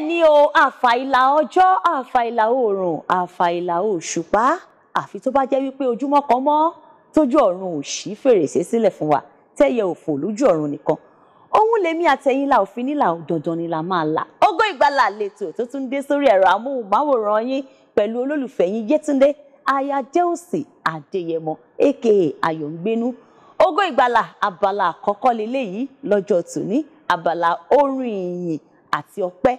ni o àfàìlà ọjọ́ àfàìlà oòrùn àfàìlà òṣùpá àfi tó bá jẹ́ wípé ojúmọ́ kan mọ́ tójú ọ̀run ò ṣí fèrèsé sílẹ̀ fún wa tẹ́yẹ òfò lójú ọ̀run nìkan ohun lèmi àtẹ̀yìn la òfin nílà dandan ni la máa la Ògo Ìgbàlà lètò tó tún dé sórí ẹ̀rọ amóhùnmáwòrán yín pẹ̀lú olólùfẹ́ yín Yétúndé ayájẹ́òsì Adéyẹmọ aka Ayọ̀ǹgbénú Ògo Ìgbàlà abala àkọ́kọ́ lélẹ́yìí lọ́jọ́ tòní abala orin ìyìn àti ọpẹ́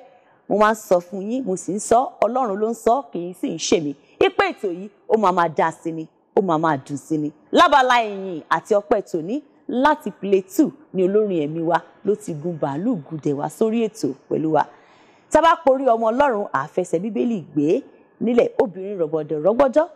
mo máa ń sọ fún yín mo sì ń sọ ọlọ́run ló ń sọ kì í sì ń ṣe mí ipe ètò yìí ó máa máa dá sí ni ó máa máa dùn sí ni lábala ìyìn àti ọpẹ́ tòní láti Plateau ni olórin ẹ̀mí wa ló ti gun bàálù gùdẹ̀ wá sórí ètò pẹ̀lú wa tábà porí ọmọ ọlọ́run àfẹsẹ̀ bíbélì gbé nílẹ̀ obìnrin rọ̀gbọ̀dọ̀ rọ́gbọ́jọ́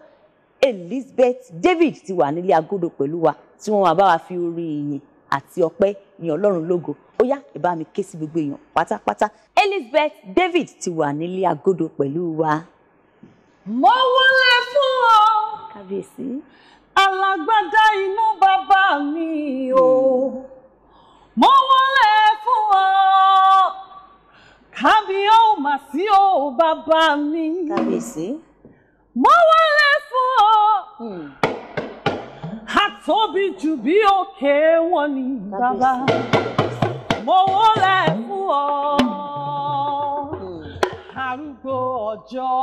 Elizabeth David ti wà nílé agodo pẹ̀lú wa tí wọ́n máa bá wa fi orin ìyìn àti ọpẹ́ ní Ọlọ́run lógo ó yá ìbá mi ké sí gbogbo èèyàn pátápátá Elizabeth David ti wà nílé agodo pẹ̀lú wa. mo wọlé fún ọ kábíyèsí alágbádá inú bàbá mi o mo wọlé fún ọ kábíyó mà sí o bàbá mi kábíyèsí mo wọlé fún ọ. Hmm tóbi jù bí òkè wọn ni bàbá mo wólẹ̀ fún ọ arúgbó ọjọ́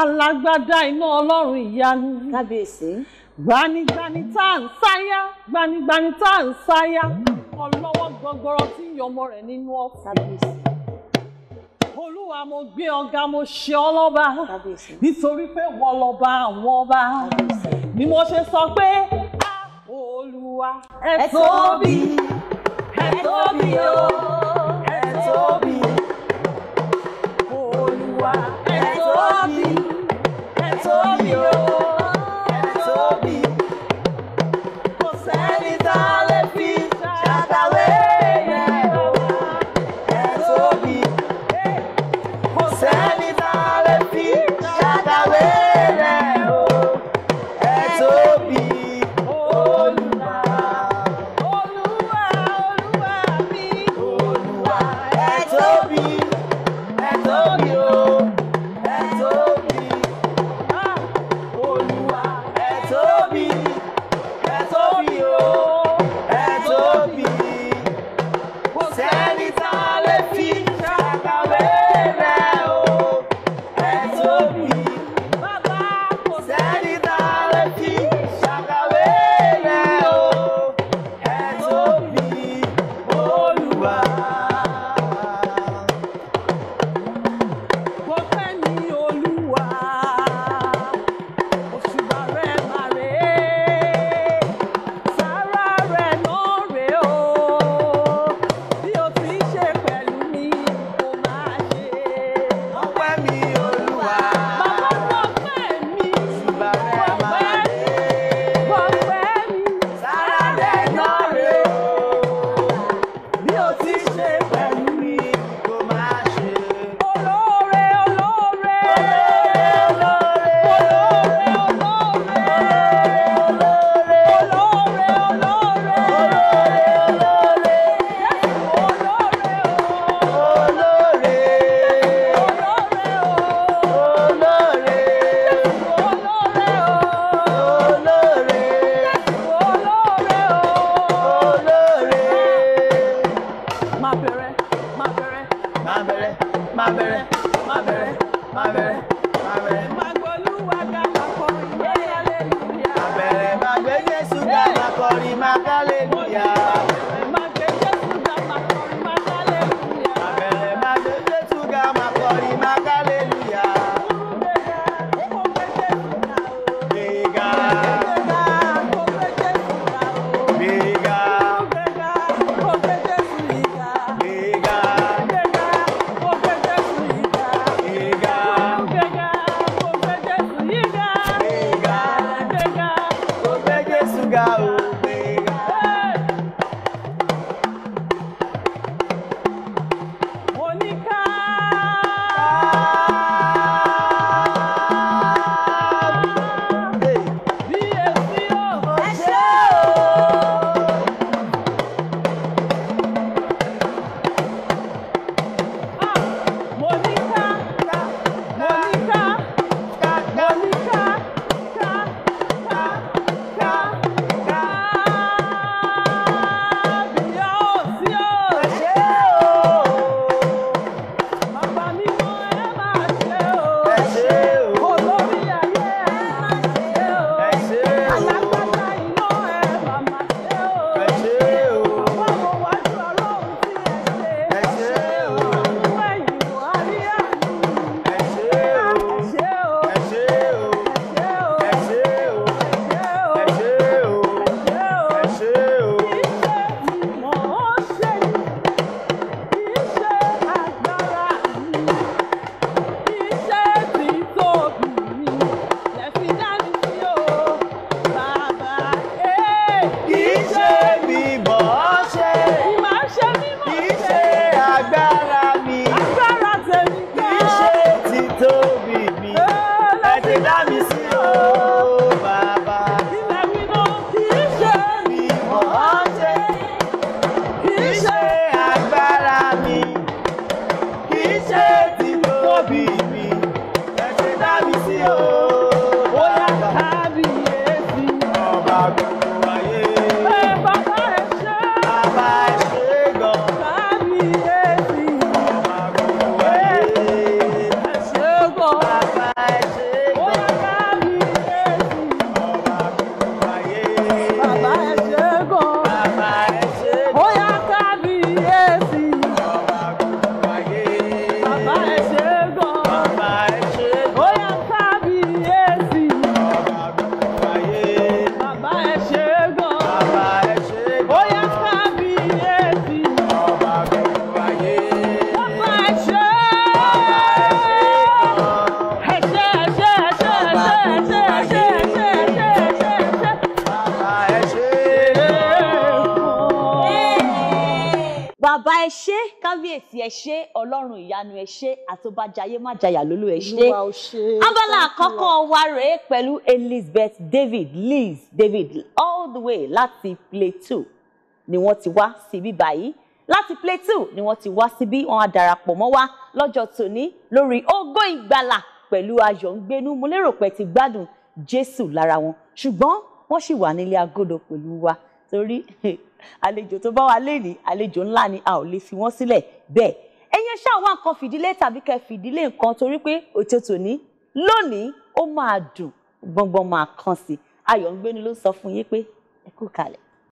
alágbádá iná ọlọ́run ìyanu kábíyèsí gbanigbani tá à ń sáyá gbanigbani tá à ń sáyá ọlọ́wọ́ gbọgbọrọ tí yọmọ rẹ̀ nínú ọ̀fun kábíyèsí olúwa mo gbé ọ̀gá mo ṣe ọ́ lọ́ba nítorí pé wọ́n lọ́ba àwọn ọba ni mo ṣe sọ pé olúwa ẹ tóbi ẹ tóbi o. bàbá ẹ ṣé kábíyèsí ẹ ṣé ọlọ́run ìyanu ẹ ṣé àtòbájayé májàyà lólú ẹ ṣé abala àkọ́kọ́ wa rèé pẹ̀lú Elizabeth David Liz David all the way láti Plateau ni wọ́n ti wá síbí báyìí láti Plateau ni wọ́n ti wá síbí wọ́n á darapọ̀ mọ́ wa lọ́jọ́ tòní lórí Ògo Ìgbàlà pẹ̀lú ayọ̀ ń gbénú mo lérò pé ti gbádùn Jésù lára wọn ṣùgbọ́n wọ́n sì wà nílé agodo pẹ̀lú wa torí àlejò tó bá wa léèní àlejò ńlá ni a ò lè fi wọ́n sílẹ̀ bẹ́ẹ̀ ẹ̀yin ẹ ṣáà wá nǹkan fìdílé tàbí kẹ́ fìdílé nǹkan torí pé òtò tòní lónìí ó máa dùn gbọ̀ngbọ̀n máa kàn sí ayọ̀ ń gbéni ló sọ fún yín pé ẹ kú kalẹ̀.